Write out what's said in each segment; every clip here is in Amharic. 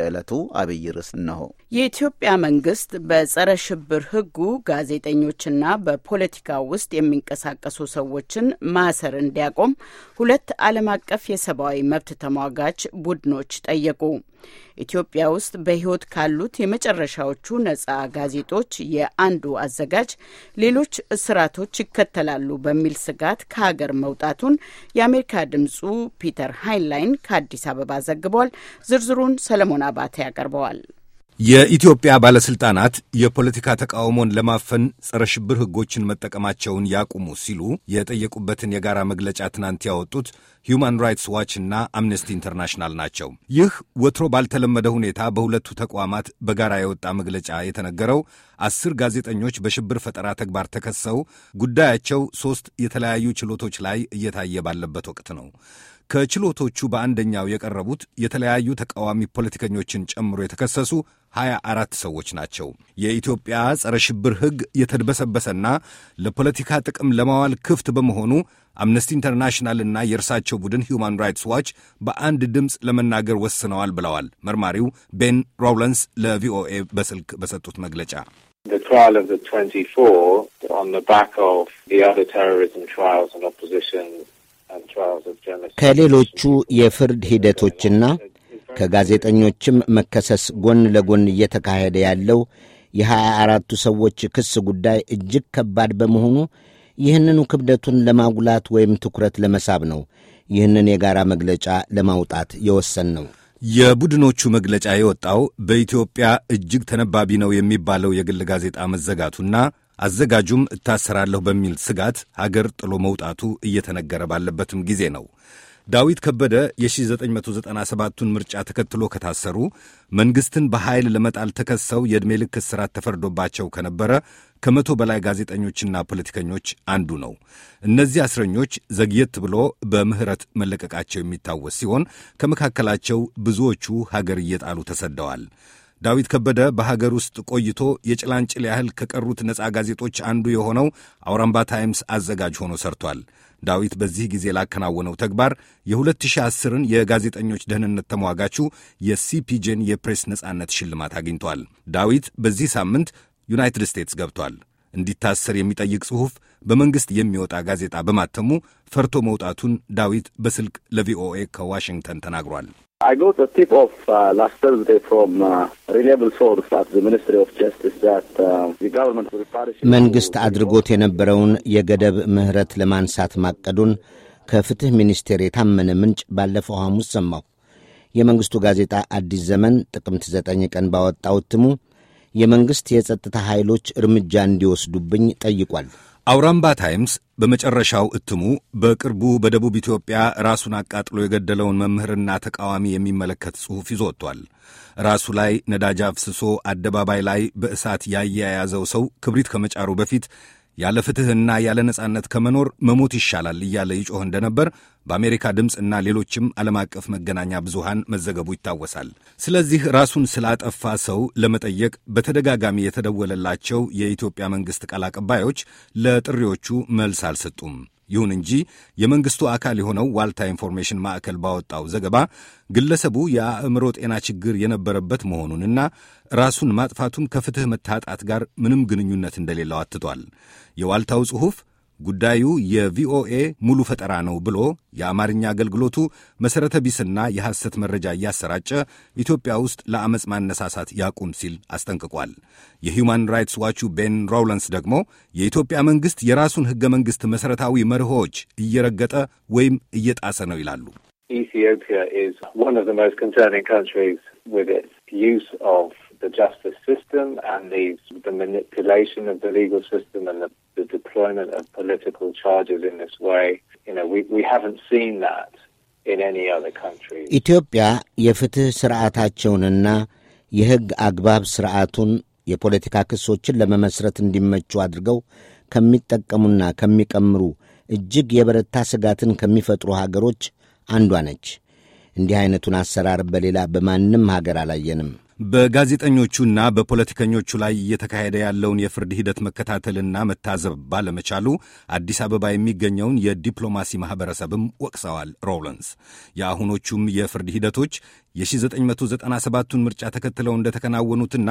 የዕለቱ አብይ ርዕስ ነው። የኢትዮጵያ መንግስት በጸረ ሽብር ህጉ ጋዜጠኞችና በፖለቲካ ውስጥ የሚንቀሳቀሱ ሰዎችን ማሰር እንዲያቆም ሁለት ዓለም አቀፍ የሰብአዊ መብት ተሟጋች ቡድኖች ጠየቁ። ኢትዮጵያ ውስጥ በሕይወት ካሉት የመጨረሻዎቹ ነጻ ጋዜጦች የአንዱ አዘጋጅ ሌሎች እስራቶች ይከተላሉ በሚል ስጋት ከሀገር መውጣቱን የአሜሪካ ድምጹ ፒተር ሃይንላይን ከአዲስ አበባ ዘግቧል። ዝርዝሩን ሰለሞን አባተ ያቀርበዋል። የኢትዮጵያ ባለስልጣናት የፖለቲካ ተቃውሞን ለማፈን ጸረ ሽብር ሕጎችን መጠቀማቸውን ያቁሙ ሲሉ የጠየቁበትን የጋራ መግለጫ ትናንት ያወጡት ሂዩማን ራይትስ ዋች እና አምነስቲ ኢንተርናሽናል ናቸው። ይህ ወትሮ ባልተለመደ ሁኔታ በሁለቱ ተቋማት በጋራ የወጣ መግለጫ የተነገረው አስር ጋዜጠኞች በሽብር ፈጠራ ተግባር ተከሰው ጉዳያቸው ሦስት የተለያዩ ችሎቶች ላይ እየታየ ባለበት ወቅት ነው። ከችሎቶቹ በአንደኛው የቀረቡት የተለያዩ ተቃዋሚ ፖለቲከኞችን ጨምሮ የተከሰሱ ሀያ አራት ሰዎች ናቸው። የኢትዮጵያ ጸረ ሽብር ሕግ የተድበሰበሰና ለፖለቲካ ጥቅም ለማዋል ክፍት በመሆኑ አምነስቲ ኢንተርናሽናልና የእርሳቸው ቡድን ሁማን ራይትስ ዋች በአንድ ድምፅ ለመናገር ወስነዋል ብለዋል መርማሪው ቤን ሮውለንስ ለቪኦኤ በስልክ በሰጡት መግለጫ። ከሌሎቹ የፍርድ ሂደቶችና ከጋዜጠኞችም መከሰስ ጎን ለጎን እየተካሄደ ያለው የሀያ አራቱ ሰዎች ክስ ጉዳይ እጅግ ከባድ በመሆኑ ይህንኑ ክብደቱን ለማጉላት ወይም ትኩረት ለመሳብ ነው ይህንን የጋራ መግለጫ ለማውጣት የወሰን ነው። የቡድኖቹ መግለጫ የወጣው በኢትዮጵያ እጅግ ተነባቢ ነው የሚባለው የግል ጋዜጣ መዘጋቱና አዘጋጁም እታሰራለሁ በሚል ስጋት ሀገር ጥሎ መውጣቱ እየተነገረ ባለበትም ጊዜ ነው። ዳዊት ከበደ የ1997ቱን ምርጫ ተከትሎ ከታሰሩ መንግሥትን በኃይል ለመጣል ተከሰው የዕድሜ ልክ እስራት ተፈርዶባቸው ከነበረ ከመቶ በላይ ጋዜጠኞችና ፖለቲከኞች አንዱ ነው። እነዚህ እስረኞች ዘግየት ብሎ በምህረት መለቀቃቸው የሚታወስ ሲሆን ከመካከላቸው ብዙዎቹ ሀገር እየጣሉ ተሰደዋል። ዳዊት ከበደ በሀገር ውስጥ ቆይቶ የጭላንጭል ያህል ከቀሩት ነፃ ጋዜጦች አንዱ የሆነው አውራምባ ታይምስ አዘጋጅ ሆኖ ሰርቷል። ዳዊት በዚህ ጊዜ ላከናወነው ተግባር የ2010ን የጋዜጠኞች ደህንነት ተሟጋቹ የሲፒጄን የፕሬስ ነፃነት ሽልማት አግኝቷል። ዳዊት በዚህ ሳምንት ዩናይትድ ስቴትስ ገብቷል። እንዲታሰር የሚጠይቅ ጽሑፍ በመንግሥት የሚወጣ ጋዜጣ በማተሙ ፈርቶ መውጣቱን ዳዊት በስልክ ለቪኦኤ ከዋሽንግተን ተናግሯል። I got a tip of uh, last Thursday from uh, reliable source at the Ministry of Justice that uh, the government will punish መንግስት አድርጎት የነበረውን የገደብ ምህረት ለማንሳት ማቀዱን ከፍትህ ሚኒስቴር የታመነ ምንጭ ባለፈው ሐሙስ ሰማሁ። የመንግስቱ ጋዜጣ አዲስ ዘመን ጥቅምት ዘጠኝ ቀን ባወጣው እትሙ የመንግስት የጸጥታ ኃይሎች እርምጃ እንዲወስዱብኝ ጠይቋል። አውራምባ ታይምስ በመጨረሻው እትሙ በቅርቡ በደቡብ ኢትዮጵያ ራሱን አቃጥሎ የገደለውን መምህርና ተቃዋሚ የሚመለከት ጽሑፍ ይዞ ወጥቷል። ራሱ ላይ ነዳጅ አፍስሶ አደባባይ ላይ በእሳት ያያያዘው ሰው ክብሪት ከመጫሩ በፊት ያለ ፍትሕና ያለ ነጻነት ከመኖር መሞት ይሻላል እያለ ይጮህ እንደነበር በአሜሪካ ድምፅ እና ሌሎችም ዓለም አቀፍ መገናኛ ብዙሃን መዘገቡ ይታወሳል። ስለዚህ ራሱን ስላጠፋ ሰው ለመጠየቅ በተደጋጋሚ የተደወለላቸው የኢትዮጵያ መንግሥት ቃል አቀባዮች ለጥሪዎቹ መልስ አልሰጡም። ይሁን እንጂ የመንግስቱ አካል የሆነው ዋልታ ኢንፎርሜሽን ማዕከል ባወጣው ዘገባ ግለሰቡ የአእምሮ ጤና ችግር የነበረበት መሆኑንና ራሱን ማጥፋቱም ከፍትህ መታጣት ጋር ምንም ግንኙነት እንደሌለው አትቷል። የዋልታው ጽሑፍ ጉዳዩ የቪኦኤ ሙሉ ፈጠራ ነው ብሎ የአማርኛ አገልግሎቱ መሠረተ ቢስና የሐሰት መረጃ እያሰራጨ ኢትዮጵያ ውስጥ ለአመፅ ማነሳሳት ያቁም ሲል አስጠንቅቋል። የሂውማን ራይትስ ዋቹ ቤን ሮውለንስ ደግሞ የኢትዮጵያ መንግሥት የራሱን ሕገ መንግሥት መሠረታዊ መርሆዎች እየረገጠ ወይም እየጣሰ ነው ይላሉ። ኢትዮጵያ deployment of political charges in this way. You know, we, we haven't seen that in any other country. ኢትዮጵያ የፍትህ ስርዓታቸውንና የህግ አግባብ ስርዓቱን የፖለቲካ ክሶችን ለመመስረት እንዲመቹ አድርገው ከሚጠቀሙና ከሚቀምሩ እጅግ የበረታ ስጋትን ከሚፈጥሩ ሀገሮች አንዷ ነች። እንዲህ አይነቱን አሰራር በሌላ በማንም ሀገር አላየንም። በጋዜጠኞቹና በፖለቲከኞቹ ላይ እየተካሄደ ያለውን የፍርድ ሂደት መከታተልና መታዘብ ባለመቻሉ አዲስ አበባ የሚገኘውን የዲፕሎማሲ ማህበረሰብም ወቅሰዋል። ሮውለንስ የአሁኖቹም የፍርድ ሂደቶች የ1997ቱን ምርጫ ተከትለው እንደተከናወኑትና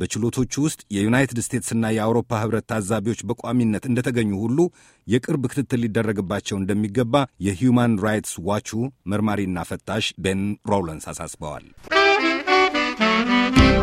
በችሎቶቹ ውስጥ የዩናይትድ ስቴትስና የአውሮፓ ህብረት ታዛቢዎች በቋሚነት እንደተገኙ ሁሉ የቅርብ ክትትል ሊደረግባቸው እንደሚገባ የሂውማን ራይትስ ዋቹ መርማሪና ፈታሽ ቤን ሮውለንስ አሳስበዋል። Thank you.